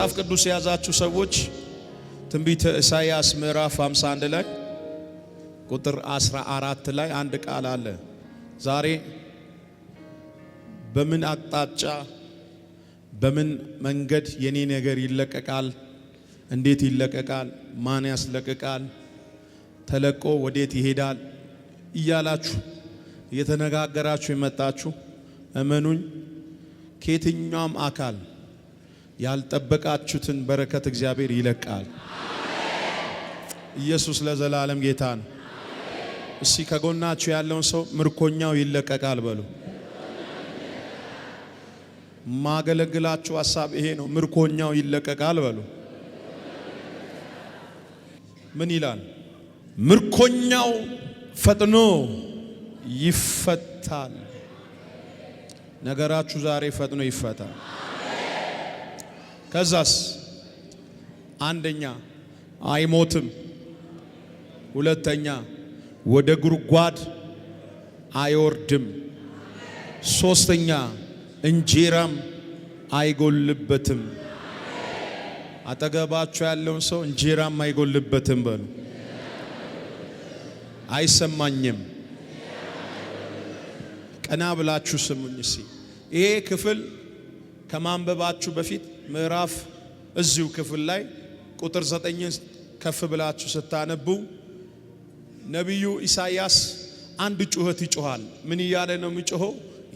መጽሐፍ ቅዱስ የያዛችሁ ሰዎች ትንቢተ ኢሳይያስ ምዕራፍ 51 ላይ ቁጥር 14 ላይ አንድ ቃል አለ። ዛሬ በምን አቅጣጫ በምን መንገድ የኔ ነገር ይለቀቃል? እንዴት ይለቀቃል? ማን ያስለቅቃል? ተለቆ ወዴት ይሄዳል? እያላችሁ እየተነጋገራችሁ የመጣችሁ እመኑኝ ከየትኛውም አካል ያልጠበቃችሁትን በረከት እግዚአብሔር ይለቃል። ኢየሱስ ለዘላለም ጌታ ነው። እሺ ከጎናችሁ ያለውን ሰው ምርኮኛው ይለቀቃል በሉ። ማገለግላችሁ ሀሳብ ይሄ ነው። ምርኮኛው ይለቀቃል በሉ። ምን ይላል? ምርኮኛው ፈጥኖ ይፈታል። ነገራችሁ ዛሬ ፈጥኖ ይፈታል። ከዛስ አንደኛ አይሞትም፣ ሁለተኛ ወደ ጉድጓድ አይወርድም፣ ሶስተኛ እንጀራም አይጎልበትም። አጠገባችሁ ያለውን ሰው እንጀራም አይጎልበትም በሉ። አይሰማኝም። ቀና ብላችሁ ስሙኝ። እሲ ይሄ ክፍል ከማንበባችሁ በፊት ምዕራፍ እዚሁ ክፍል ላይ ቁጥር ዘጠኝ ከፍ ብላችሁ ስታነቡ ነቢዩ ኢሳይያስ አንድ ጩኸት ይጮኋል ምን እያለ ነው የሚጮኸው?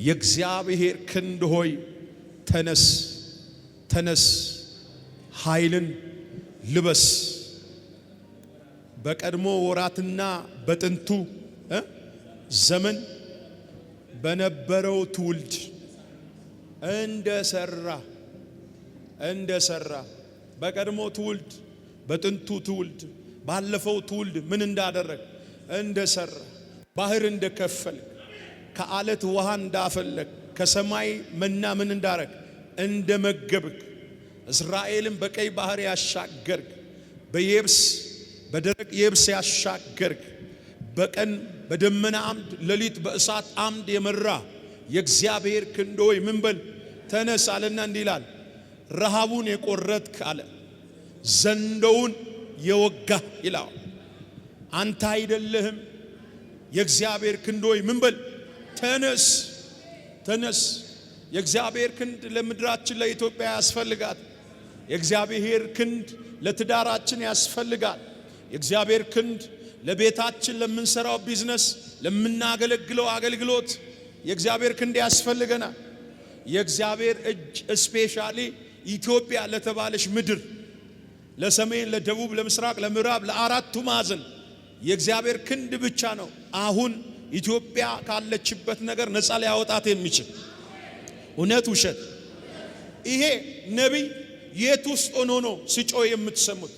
የእግዚአብሔር ክንድ ሆይ ተነስ፣ ተነስ፣ ኃይልን ልበስ። በቀድሞ ወራትና በጥንቱ ዘመን በነበረው ትውልድ እንደ ሰራ! እንደሰራ በቀድሞ ትውልድ በጥንቱ ትውልድ ባለፈው ትውልድ ምን እንዳደረግ እንደሰራ ባህር እንደከፈልግ ከአለት ውሃ እንዳፈለግ ከሰማይ መና ምን እንዳረግ እንደመገብክ እስራኤልን በቀይ ባህር ያሻገርክ በየብስ በደረቅ የብስ ያሻገርክ በቀን በደመና አምድ ሌሊት በእሳት አምድ የመራ የእግዚአብሔር ክንድ ምንበል ምን በል ተነሳለና እንዲህ ይላል ረሃቡን የቆረጥክ አለ ዘንዶውን የወጋ ይላል። አንተ አይደለህም የእግዚአብሔር ክንድ ወይ ምን በል ተነስ፣ ተነስ። የእግዚአብሔር ክንድ ለምድራችን ለኢትዮጵያ ያስፈልጋል። የእግዚአብሔር ክንድ ለትዳራችን ያስፈልጋል። የእግዚአብሔር ክንድ ለቤታችን ለምንሰራው ቢዝነስ፣ ለምናገለግለው አገልግሎት የእግዚአብሔር ክንድ ያስፈልገናል። የእግዚአብሔር እጅ ስፔሻሊ ኢትዮጵያ ለተባለች ምድር ለሰሜን፣ ለደቡብ፣ ለምስራቅ፣ ለምዕራብ ለአራቱ ማዕዘን የእግዚአብሔር ክንድ ብቻ ነው አሁን ኢትዮጵያ ካለችበት ነገር ነፃ ሊያወጣት የሚችል እውነት ውሸት። ይሄ ነቢይ የት ውስጥ ሆኖ ነው ሲጮ የምትሰሙት?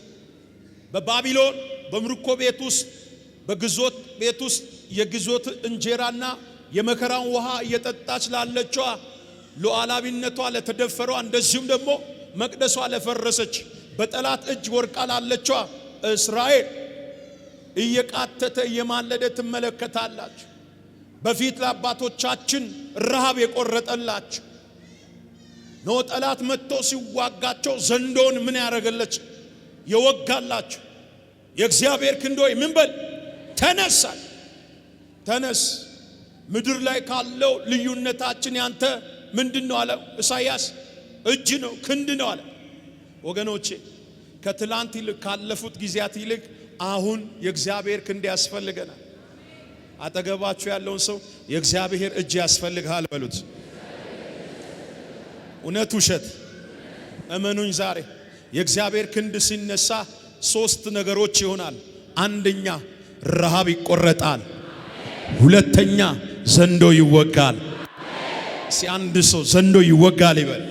በባቢሎን በምርኮ ቤት ውስጥ በግዞት ቤት ውስጥ የግዞት እንጀራና የመከራን ውሃ እየጠጣች ላለችዋ ሉዓላዊነቷ ለተደፈሯ፣ እንደዚሁም ደግሞ መቅደሷ ለፈረሰች፣ በጠላት እጅ ወርቃ ላለቿ እስራኤል እየቃተተ እየማለደ ትመለከታላችሁ። በፊት ለአባቶቻችን ረሃብ የቆረጠላችሁ ነው። ጠላት መጥቶ ሲዋጋቸው ዘንዶን ምን ያደረገለች የወጋላችሁ የእግዚአብሔር ክንድ ሆይ ምን በል ተነሳል። ተነስ ምድር ላይ ካለው ልዩነታችን ያንተ ምንድን ነው አለ ኢሳይያስ? እጅ ነው ክንድ ነው አለ። ወገኖቼ ከትላንት ይልቅ ካለፉት ጊዜያት ይልቅ አሁን የእግዚአብሔር ክንድ ያስፈልገናል። አጠገባችሁ ያለውን ሰው የእግዚአብሔር እጅ ያስፈልግሃል በሉት። እውነት ውሸት እመኑኝ፣ ዛሬ የእግዚአብሔር ክንድ ሲነሳ ሶስት ነገሮች ይሆናል። አንደኛ ረሃብ ይቆረጣል፣ ሁለተኛ ዘንዶ ይወጋል፣ ሲ አንድ ሰው ዘንዶ ይወጋል ይበል።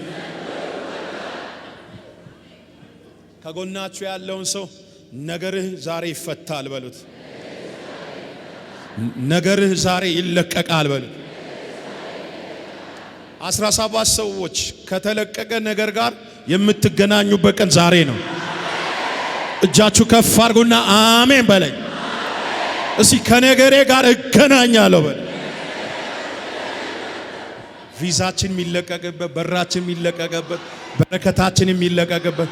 ከጎናችሁ ያለውን ሰው ነገርህ ዛሬ ይፈታል በሉት። ነገርህ ዛሬ ይለቀቃል በሉት። አስራ ሰባት ሰዎች ከተለቀቀ ነገር ጋር የምትገናኙበት ቀን ዛሬ ነው። እጃችሁ ከፍ አድርጉና አሜን በለኝ። እስቲ ከነገሬ ጋር እገናኛለሁ በል ቪዛችን የሚለቀቅበት፣ በራችን የሚለቀቅበት፣ በረከታችን የሚለቀቅበት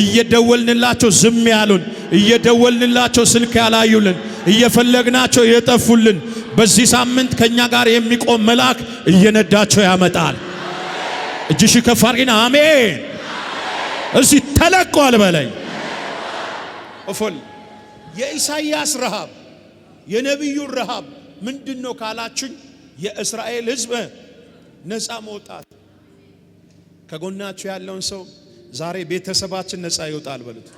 እየደወልንላቸው ዝም ያሉን፣ እየደወልንላቸው ስልክ ያላዩልን፣ እየፈለግናቸው የጠፉልን በዚህ ሳምንት ከኛ ጋር የሚቆም መልአክ እየነዳቸው ያመጣል። እጅሽ ከፋሪና አሜን። እዚህ ተለቋል በላይ እፎል የኢሳይያስ ረሃብ የነቢዩን ረሃብ ምንድን ነው የእስራኤል ሕዝብ ነፃ መውጣት። ከጎናችሁ ያለውን ሰው ዛሬ ቤተሰባችን ነፃ ይወጣል በሉት።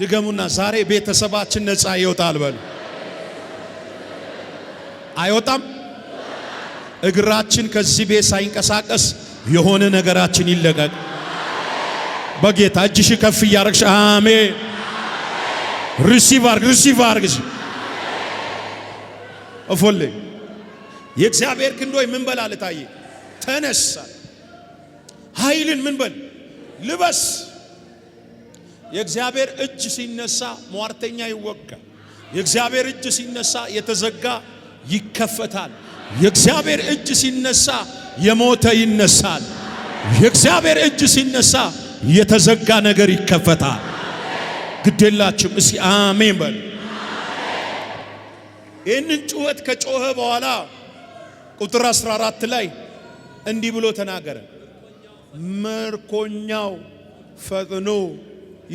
ድገሙና ዛሬ ቤተሰባችን ነፃ ይወጣል በሉ። አይወጣም። እግራችን ከዚህ ቤት ሳይንቀሳቀስ የሆነ ነገራችን ይለቀቅ በጌታ እጅሽ ከፍ እያረግሽ አሜን። ሪሲቭ አርግ ሪሲቭ አርግ እፎሌ የእግዚአብሔር ክንዶ ምን በል አለ ተነሳ። ኃይልን ምን በል ልበስ። የእግዚአብሔር እጅ ሲነሳ ሟርተኛ ይወጋል። የእግዚአብሔር እጅ ሲነሳ የተዘጋ ይከፈታል። የእግዚአብሔር እጅ ሲነሳ የሞተ ይነሳል። የእግዚአብሔር እጅ ሲነሳ የተዘጋ ነገር ይከፈታል። ግዴላችሁም እስኪ አሜን በል። ይህንን ጩኸት ከጮኸ በኋላ ቁጥር 14 ላይ እንዲህ ብሎ ተናገረ። ምርኮኛው ፈጥኖ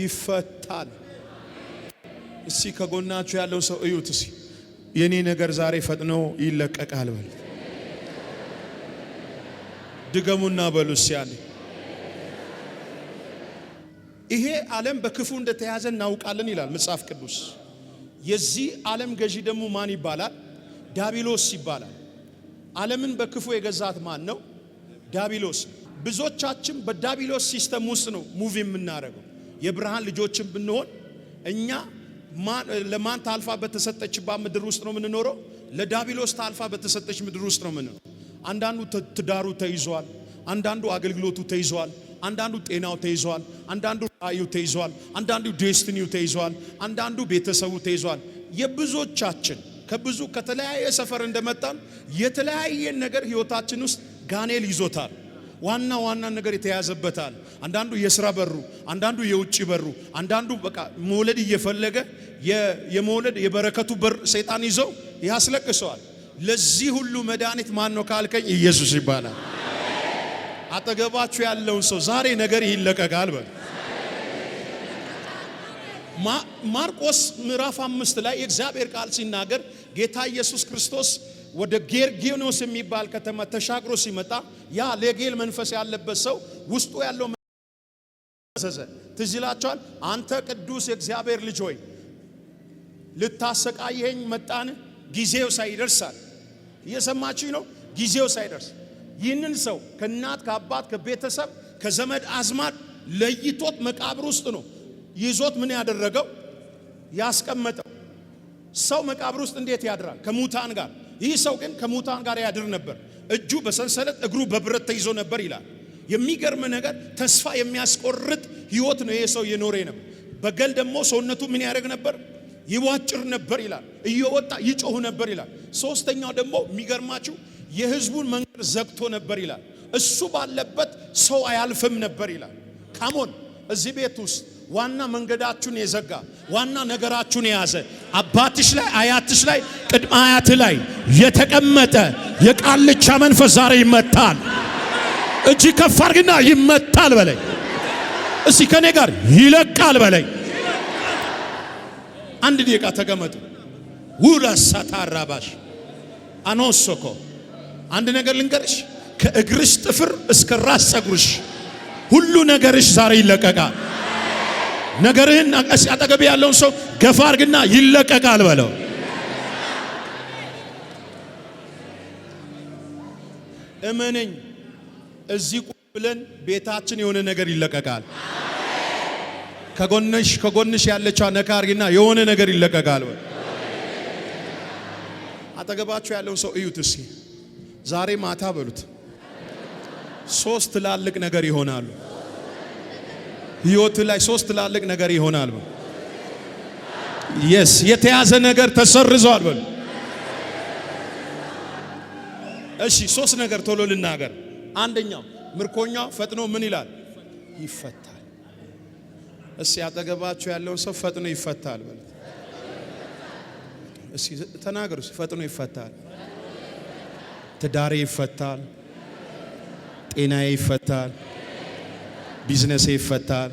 ይፈታል። እሲ ከጎናችሁ ያለው ሰው እዩት። እሲ የኔ ነገር ዛሬ ፈጥኖ ይለቀቃል በል። ድገሙና በሉ ያለ ይሄ ዓለም በክፉ እንደተያዘ እናውቃለን ይላል መጽሐፍ ቅዱስ። የዚህ ዓለም ገዢ ደግሞ ማን ይባላል? ዳቢሎስ ይባላል። ዓለምን በክፉ የገዛት ማን ነው? ዳቢሎስ። ብዙዎቻችን በዳቢሎስ ሲስተም ውስጥ ነው ሙቪ የምናደርገው። የብርሃን ልጆችን ብንሆን እኛ ለማን ታልፋ በተሰጠችባት ምድር ውስጥ ነው የምንኖረው? ለዳቢሎስ ታልፋ በተሰጠች ምድር ውስጥ ነው የምንኖረው። አንዳንዱ ትዳሩ ተይዟል፣ አንዳንዱ አገልግሎቱ ተይዟል፣ አንዳንዱ ጤናው ተይዟል፣ አንዳንዱ ራእዩ ተይዟል፣ አንዳንዱ ዴስትኒው ተይዟል፣ አንዳንዱ ቤተሰቡ ተይዟል። የብዙዎቻችን ከብዙ ከተለያየ ሰፈር እንደመጣን የተለያየ ነገር ህይወታችን ውስጥ ጋኔል ይዞታል። ዋና ዋና ነገር የተያዘበታል። አንዳንዱ የስራ በሩ፣ አንዳንዱ የውጭ በሩ፣ አንዳንዱ በቃ መውለድ እየፈለገ የመውለድ የበረከቱ በር ሰይጣን ይዞ ያስለቅሰዋል። ለዚህ ሁሉ መድኃኒት ማን ነው ካልከኝ ኢየሱስ ይባላል። አጠገባችሁ ያለውን ሰው ዛሬ ነገር ይለቀቃል በል ማርቆስ ምዕራፍ አምስት ላይ የእግዚአብሔር ቃል ሲናገር ጌታ ኢየሱስ ክርስቶስ ወደ ጌርጌኖስ የሚባል ከተማ ተሻግሮ ሲመጣ ያ ሌጌል መንፈስ ያለበት ሰው ውስጡ ያለው ዘዘ ትዝ ይላችኋል። አንተ ቅዱስ የእግዚአብሔር ልጅ ሆይ ልታሰቃየኝ መጣን? ጊዜው ሳይደርሳል። እየሰማችሁ ነው። ጊዜው ሳይደርስ ይህንን ሰው ከእናት ከአባት ከቤተሰብ ከዘመድ አዝማድ ለይቶት መቃብር ውስጥ ነው ይዞት ምን ያደረገው ያስቀመጠው። ሰው መቃብር ውስጥ እንዴት ያድራል? ከሙታን ጋር። ይህ ሰው ግን ከሙታን ጋር ያድር ነበር። እጁ በሰንሰለት እግሩ በብረት ተይዞ ነበር ይላል። የሚገርም ነገር ተስፋ የሚያስቆርጥ ህይወት ነው ይሄ ሰው የኖረ ነው። በገል ደግሞ ሰውነቱ ምን ያደርግ ነበር? ይቧጭር ነበር ይላል። እየወጣ ይጮህ ነበር ይላል። ሶስተኛው ደግሞ የሚገርማችሁ የህዝቡን መንገድ ዘግቶ ነበር ይላል። እሱ ባለበት ሰው አያልፍም ነበር ይላል። ካሞን እዚህ ቤት ውስጥ ዋና መንገዳችሁን የዘጋ ዋና ነገራችሁን የያዘ አባትሽ ላይ አያትሽ ላይ ቅድመ አያት ላይ የተቀመጠ የቃልቻ መንፈስ ዛሬ ይመታል። እጅ ከፍ አድርግና ይመታል በለኝ። እስቲ ከኔ ጋር ይለቃል በለኝ። አንድ ደቂቃ ተቀመጡ። ውራ ሳታራባሽ አኖሶኮ አንድ ነገር ልንገርሽ፣ ከእግርሽ ጥፍር እስከ ራስ ጸጉርሽ ሁሉ ነገርሽ ዛሬ ይለቀቃል። ነገርህን አጠገብ ያለውን ሰው ገፋ ይለቀቃል በለው። እመነኝ፣ እዚህ ቁጭ ብለን ቤታችን የሆነ ነገር ይለቀቃል። ከጎንሽ ከጎንሽ ያለችዋ ነካ የሆነ ነገር ይለቀቃል። አጠገባችሁ ያለውን ሰው እዩት እስኪ። ዛሬ ማታ በሉት ሶስት ትላልቅ ነገር ይሆናሉ። ህይወት ላይ ሶስት ትላልቅ ነገር ይሆናል። የስ የተያዘ ነገር ተሰርዟል በሉ። እሺ ሶስት ነገር ቶሎ ልናገር። አንደኛው ምርኮኛ ፈጥኖ ምን ይላል? ይፈታል። እሺ ያጠገባችሁ ያለውን ሰው ፈጥኖ ይፈታል በሉ። እሺ ተናገሩ። ፈጥኖ ይፈታል። ትዳሬ ይፈታል። ጤናዬ ይፈታል። ቢዝነሴ ይፈታል፣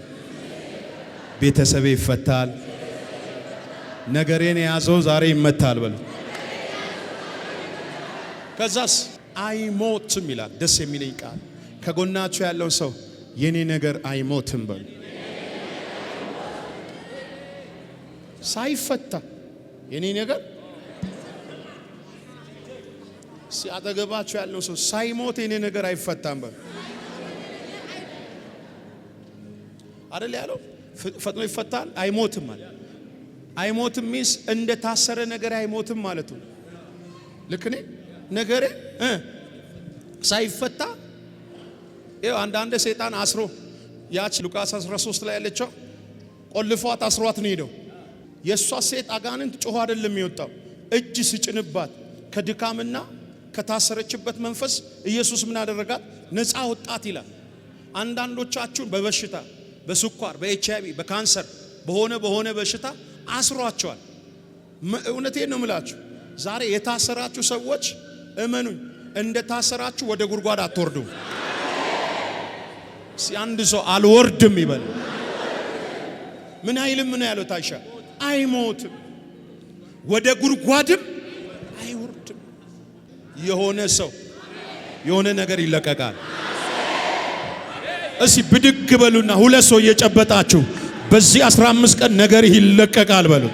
ቤተሰቤ ይፈታል፣ ነገሬን የያዘው ዛሬ ይመታል በሉ። ከዛስ አይሞትም ይላል። ደስ የሚለኝ ቃል ከጎናችሁ ያለው ሰው የኔ ነገር አይሞትም በሉ። ሳይፈታ የኔ ነገር አጠገባችሁ ያለው ሰው ሳይሞት የኔ ነገር አይፈታም በሉ። አይደል ያለው? ፈጥኖ ይፈታል፣ አይሞትም አለ። አይሞትም ሚስ እንደ ታሰረ ነገር አይሞትም ማለት ነው። ልክ እኔ ነገሬ ሳይፈታ ይኸው አንዳንድ ሰይጣን አስሮ ያች ሉቃስ 13 ላይ ያለችው ቆልፏት አስሯት ነው ሄደው። የእሷ ሴት አጋንንት ጮሆ አይደለም የሚወጣው እጅ ስጭንባት ከድካምና ከታሰረችበት መንፈስ ኢየሱስ ምን አደረጋት? ነፃ ወጣት ይላል። አንዳንዶቻችሁን በበሽታ በስኳር በኤች አይቪ በካንሰር በሆነ በሆነ በሽታ አስሯቸዋል። እውነቴ ነው የምላችሁ። ዛሬ የታሰራችሁ ሰዎች እመኑኝ፣ እንደ ታሰራችሁ ወደ ጉድጓድ አትወርዱም። አንድ ሰው አልወርድም ይበል። ምን አይልም። ምን ያለው ታይሻ አይሞትም፣ ወደ ጉድጓድም አይወርድም። የሆነ ሰው የሆነ ነገር ይለቀቃል። እሺ ብድግ በሉና ሁለት ሰው እየጨበጣችሁ በዚህ 15 ቀን ነገርህ ይለቀቃል በሉ።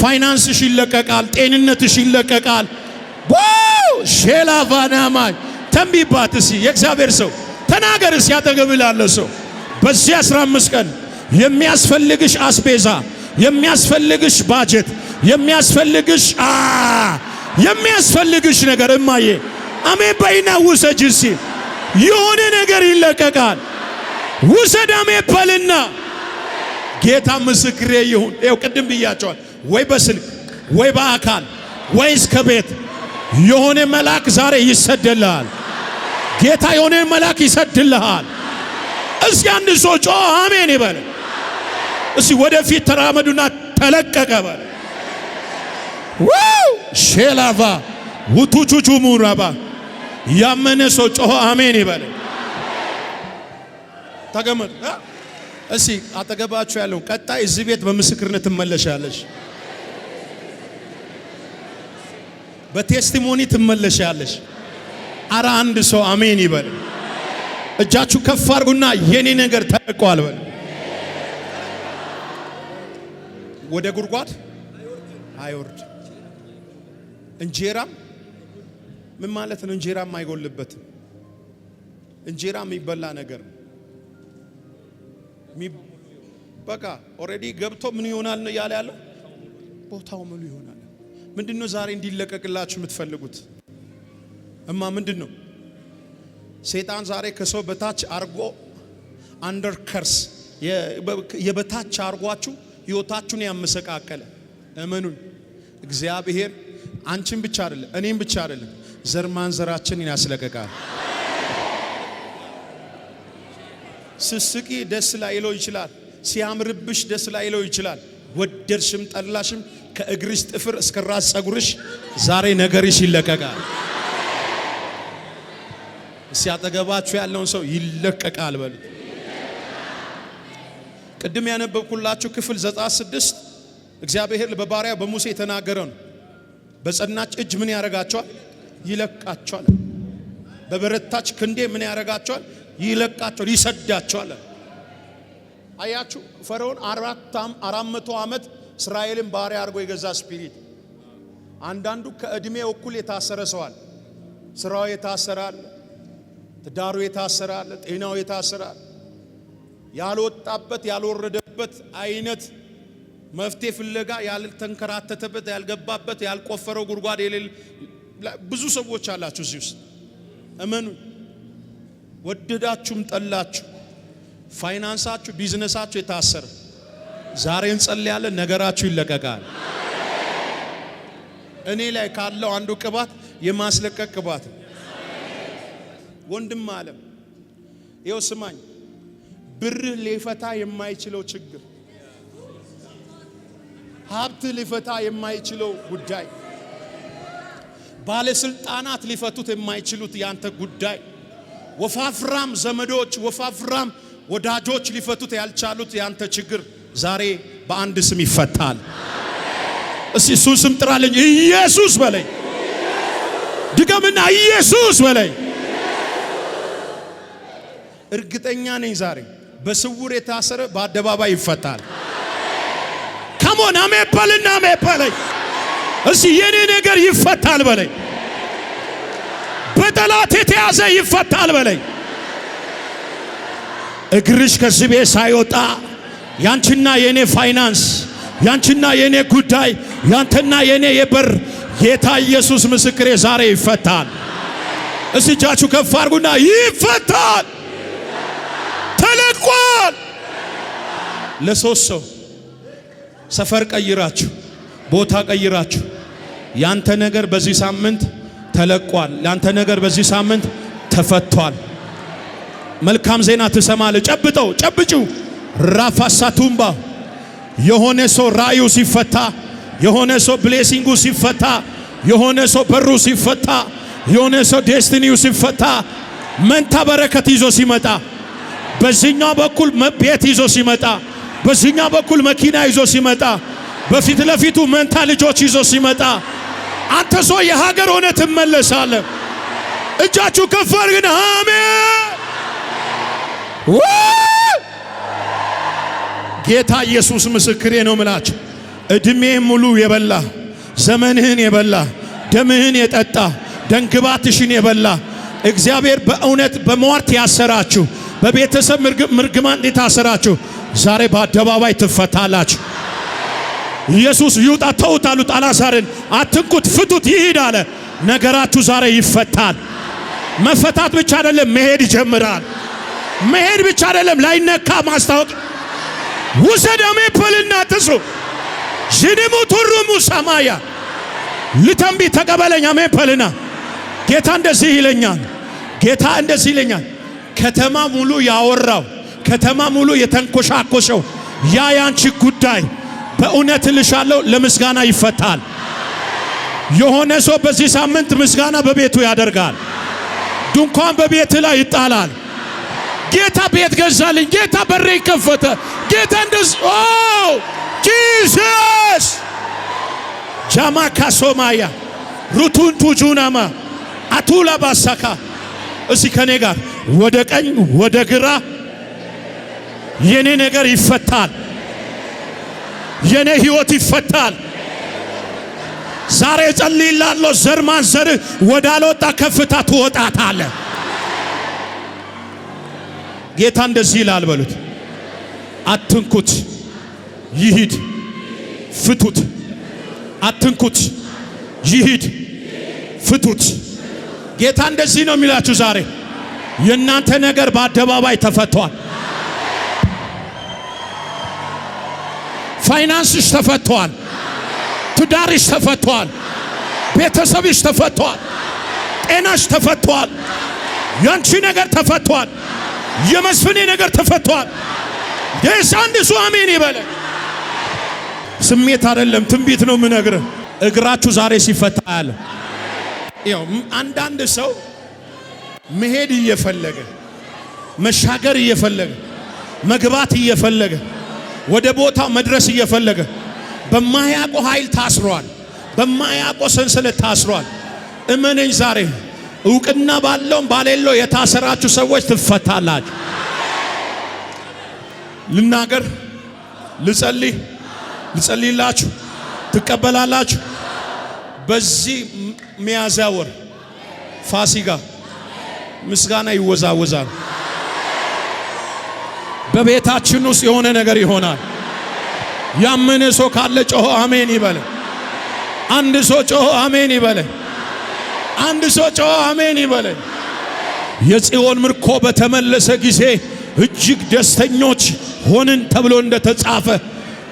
ፋይናንስሽ ይለቀቃል፣ ጤንነትሽ ይለቀቃል። ዋው ሼላ ቫናማይ ተንቢባት እሲ የእግዚአብሔር ሰው ተናገር እሲ ላለ ሰው በዚህ 15 ቀን የሚያስፈልግሽ አስቤዛ፣ የሚያስፈልግሽ ባጀት፣ የሚያስፈልግሽ የሚያስፈልግሽ ነገር እማዬ አሜን በይና ውሰጅ የሆነ ነገር ይለቀቃል። ውሰዳም ይባልና ጌታ ምስክሬ ይሁን። ይኸው ቅድም ብያቸዋል። ወይ በስልክ ወይ በአካል ወይስ ከቤት የሆነ መልአክ ዛሬ ይሰድልሃል። ጌታ የሆነ መልአክ ይሰድልሃል። እስኪ አንድ ሰው ጮ አሜን ይበል። እስኪ ወደፊት ተራመዱና ተለቀቀ በል ሼላቫ ውቱቹቹ ሙራባ ያመነ ሰው ጮሆ አሜን ይበል። ተገመጡ። እሺ፣ አጠገባችሁ ያለው ቀጣይ እዚህ ቤት በምስክርነት ትመለሻለሽ፣ በቴስቲሞኒ ትመለሻለሽ። አረ አንድ ሰው አሜን ይበል። እጃችሁ ከፍ አድርጉና የኔ ነገር ተለቋል በል። ወደ ጉድጓድ አይወርድ እንጀራም ምን ማለት ነው? እንጀራም አይጎልበትም። እንጀራ የሚበላ ነገር በቃ ኦልሬዲ ገብቶ ምን ይሆናል ያለ ያለው ቦታው ሙሉ ይሆናል። ምንድነው ዛሬ እንዲለቀቅላችሁ የምትፈልጉት? እማ ምንድነው ሰይጣን ዛሬ ከሰው በታች አርጎ አንደር ከርስ የበታች አርጓችሁ ህይወታችሁን ያመሰቃቀለ እመኑን እግዚአብሔር አንቺን ብቻ አይደለም እኔም ብቻ አይደለም ዘር ማንዘራችንን ያስለቅቃል። ስስቂ ደስ ላይለው ይችላል። ሲያምርብሽ ደስ ላይለው ይችላል። ወደድሽም ጠላሽም ከእግርሽ ጥፍር እስከ ራስ ጸጉርሽ ዛሬ ነገርሽ ይለቀቃል። ሲያጠገባችሁ ያለውን ሰው ይለቀቃል በሉት። ቅድም ያነበብኩላችሁ ክፍል ዘጸአት ስድስት እግዚአብሔር በባሪያ በሙሴ የተናገረ ነው። በጸናች እጅ ምን ያደርጋቸዋል? ይለቃቸዋል። በበረታች ክንዴ ምን ያደርጋቸዋል? ይለቃቸዋል፣ ይሰዳቸዋል። አያችሁ፣ ፈርዖን አራት መቶ ዓመት እስራኤልን ባሪያ አድርጎ የገዛ ስፒሪት። አንዳንዱ ከእድሜ እኩል የታሰረ ሰዋል። ስራው የታሰራል፣ ትዳሩ የታሰራል፣ ጤናው የታሰራል። ያልወጣበት ያልወረደበት አይነት መፍትሄ ፍለጋ ያልተንከራተተበት ያልገባበት ያልቆፈረው ጉድጓድ የሌለ ብዙ ሰዎች አላችሁ እዚህ ውስጥ እመኑ። ወደዳችሁም ጠላችሁ ፋይናንሳችሁ፣ ቢዝነሳችሁ የታሰረ ዛሬ እንጸልያለን፣ ነገራችሁ ይለቀቃል። እኔ ላይ ካለው አንዱ ቅባት የማስለቀቅ ቅባት ወንድም አለም ይኸው ስማኝ፣ ብር ሊፈታ የማይችለው ችግር፣ ሀብት ሊፈታ የማይችለው ጉዳይ ባለስልጣናት ሊፈቱት የማይችሉት ያንተ ጉዳይ፣ ወፋፍራም ዘመዶች፣ ወፋፍራም ወዳጆች ሊፈቱት ያልቻሉት ያንተ ችግር ዛሬ በአንድ ስም ይፈታል። እስቲ እሱ ስም ጥራልኝ። ኢየሱስ በለኝ፣ ድገምና ኢየሱስ በለኝ። እርግጠኛ ነኝ ዛሬ በስውር የታሰረ በአደባባይ ይፈታል። ከሞን አሜን በልና እስቲ የኔ ነገር ይፈታል በለኝ። በጠላት የተያዘ ይፈታል በለኝ። እግርሽ ከዚህ ቤት ሳይወጣ ያንቺና የኔ ፋይናንስ፣ ያንቺና የኔ ጉዳይ፣ ያንተና የኔ የበር ጌታ ኢየሱስ ምስክሬ ዛሬ ይፈታል። እስቲ እጃችሁ ከፍ አድርጉና ይፈታል። ተለቋል። ለሶስት ሰው ሰፈር ቀይራችሁ ቦታ ቀይራችሁ ያንተ ነገር በዚህ ሳምንት ተለቋል። ያንተ ነገር በዚህ ሳምንት ተፈቷል። መልካም ዜና ትሰማለ። ጨብጠው ጨብጩ ራፋሳቱምባ የሆነ ሰው ራዩ ሲፈታ፣ የሆነ ሰው ብሌሲንጉ ሲፈታ፣ የሆነ ሰው በሩ ሲፈታ፣ የሆነ ሰው ዴስቲኒው ሲፈታ፣ መንታ በረከት ይዞ ሲመጣ፣ በዚህኛው በኩል ቤት ይዞ ሲመጣ፣ በዚህኛው በኩል መኪና ይዞ ሲመጣ በፊት ለፊቱ መንታ ልጆች ይዞ ሲመጣ አንተ ሰው የሀገር ሆነ ትመለሳለህ። እጃችሁ ከፍ አድርግን። አሜን። ጌታ ኢየሱስ ምስክሬ ነው ምላች እድሜ ሙሉ የበላ ዘመንህን የበላ ደምህን የጠጣ ደንግባትሽን የበላ እግዚአብሔር በእውነት በሟርት ያሰራችሁ በቤተሰብ ምርግማን እንዴት አሰራችሁ ዛሬ በአደባባይ ትፈታላችሁ። ኢየሱስ ይውጣ፣ ተውት አሉት። አልዓዛርን አትንኩት፣ ፍቱት፣ ይሂድ አለ። ነገራችሁ ዛሬ ይፈታል። መፈታት ብቻ አይደለም፣ መሄድ ይጀምራል። መሄድ ብቻ አይደለም፣ ላይነካ ማስታወቅ ውሰድ አሜፕልና ጥሱ ሽድሙ ቱሩሙ ሰማያ ልተንቢ ተቀበለኝ አሜፕልና ጌታ እንደዚህ ይለኛል። ጌታ እንደዚህ ይለኛል። ከተማ ሙሉ ያወራው ከተማ ሙሉ የተንኮሻኮሸው ያ ያንቺ ጉዳይ በእውነት እልሻለሁ ለምስጋና ይፈታል። የሆነ ሰው በዚህ ሳምንት ምስጋና በቤቱ ያደርጋል። ድንኳን በቤት ላይ ይጣላል። ጌታ ቤት ገዛልኝ፣ ጌታ በሬ ይከፈተ፣ ጌታ እንደስ ኦ ጂሰስ ጃማ ካሶማያ ሩቱን ቱጁናማ አቱላ ባሳካ እሲ ከኔ ጋር ወደ ቀኝ ወደ ግራ የኔ ነገር ይፈታል። የኔ ህይወት ይፈታል። ዛሬ ጸልይላለሁ። ዘር ማንዘር ወዳልወጣ ከፍታ አለ። ጌታ እንደዚህ ይላል በሉት። አትንኩት፣ ይሂድ። ፍቱት፣ አትንኩት፣ ይሂድ። ፍቱት። ጌታ እንደዚህ ነው የሚላችሁ ዛሬ የእናንተ ነገር በአደባባይ ተፈቷል። ፋይናንስሽ ተፈቷል። ትዳርሽ ተፈቷል። ቤተሰብሽ ተፈቷል። ጤናሽ ተፈቷል። ያንቺ ነገር ተፈቷል። የመስፍኔ ነገር ተፈቷል። ደስ አንድ ሱ አሜን ይበለ። ስሜት አይደለም ትንቢት ነው የምነግርህ። እግራችሁ ዛሬ ሲፈታ ያለ ያው አንዳንድ ሰው መሄድ እየፈለገ መሻገር እየፈለገ መግባት እየፈለገ ወደ ቦታ መድረስ እየፈለገ በማያቆ ኃይል ታስሯል። በማያቆ ሰንሰለት ታስሯል። እመነኝ ዛሬ እውቅና ባለውም ባሌለው የታሰራችሁ ሰዎች ትፈታላችሁ። ልናገር፣ ልጸልይ፣ ልጸልይላችሁ፣ ትቀበላላችሁ። በዚህ ሚያዝያ ወር ፋሲካ ምስጋና ይወዛወዛል። በቤታችን ውስጥ የሆነ ነገር ይሆናል። ያመነ ሰው ካለ ጮሆ አሜን ይበለ። አንድ ሰው ጮሆ አሜን ይበለ። አንድ ሰው ጮሆ አሜን ይበለ። የጽዮን ምርኮ በተመለሰ ጊዜ እጅግ ደስተኞች ሆንን ተብሎ እንደተጻፈ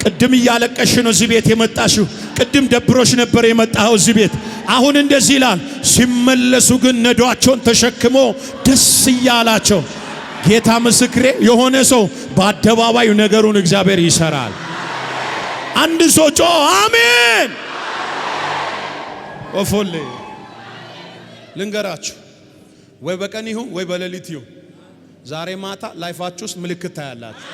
ቅድም እያለቀሽ ነው እዚህ ቤት የመጣሽው። ቅድም ደብሮሽ ነበር የመጣኸው እዚህ ቤት። አሁን እንደዚህ ይላል፣ ሲመለሱ ግን ነዷቸውን ተሸክሞ ደስ እያላቸው ጌታ ምስክሬ የሆነ ሰው በአደባባይ ነገሩን እግዚአብሔር ይሰራል። አንድ ሰው ጮ አሜን። ኦፎሌ ልንገራችሁ፣ ወይ በቀን ይሁን ወይ በሌሊት ይሁን ዛሬ ማታ ላይፋችሁ ውስጥ ምልክት ታያላችሁ።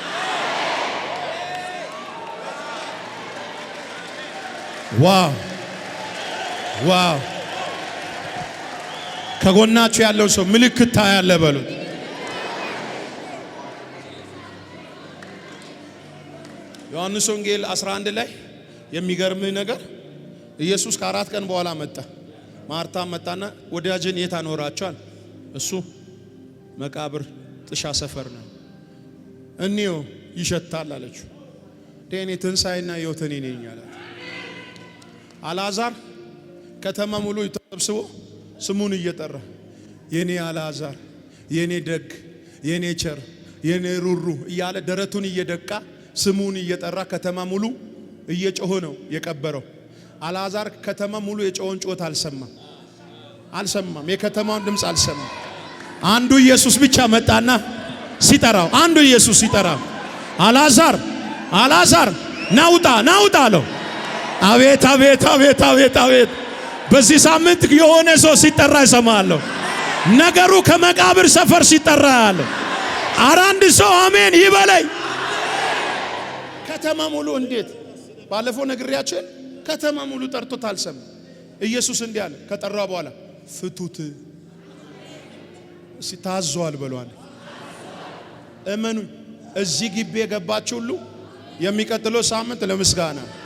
ዋው ዋው! ከጎናችሁ ያለው ሰው ምልክት ታያለ በሉት። ዮሐንስ ወንጌል 11 ላይ የሚገርም ነገር ኢየሱስ ከአራት ቀን በኋላ መጣ። ማርታ መጣና ወዳጅን የት አኖራቸዋል? እሱ መቃብር ጥሻ ሰፈር ነው፣ እኒዮ ይሸታል አለችው። እኔ ትንሣኤና ሕይወት እኔ ነኝ አላት። አልዓዛር ከተማ ሙሉ ተሰብስቦ ስሙን እየጠራ የኔ አልዓዛር፣ የኔ ደግ፣ የኔ ቸር፣ የኔ ሩሩ እያለ ደረቱን እየደቃ ስሙን እየጠራ ከተማ ሙሉ እየጮኸ ነው የቀበረው። አልዓዛር ከተማ ሙሉ የጮኸውን ጮት አልሰማም አልሰማም፣ የከተማውን ድምፅ አልሰማም። አንዱ ኢየሱስ ብቻ መጣና ሲጠራው አንዱ ኢየሱስ ሲጠራው አልዓዛር አልዓዛር ናውጣ ናውጣ አለው። አቤት አቤት አቤት አቤት አቤት! በዚህ ሳምንት የሆነ ሰው ሲጠራ ይሰማለሁ። ነገሩ ከመቃብር ሰፈር ሲጠራ ያለው አራንድ ሰው አሜን ይበለይ። ከተማ ሙሉ እንዴት ባለፈው ነግሬያችን ከተማ ሙሉ ጠርቶት አልሰማ። ኢየሱስ እንዲህ አለ ከጠራ በኋላ ፍቱት እስቲ ታዟል ብሏል። እመኑ እዚህ ግቢ የገባችሁ ሁሉ የሚቀጥለው ሳምንት ለምስጋና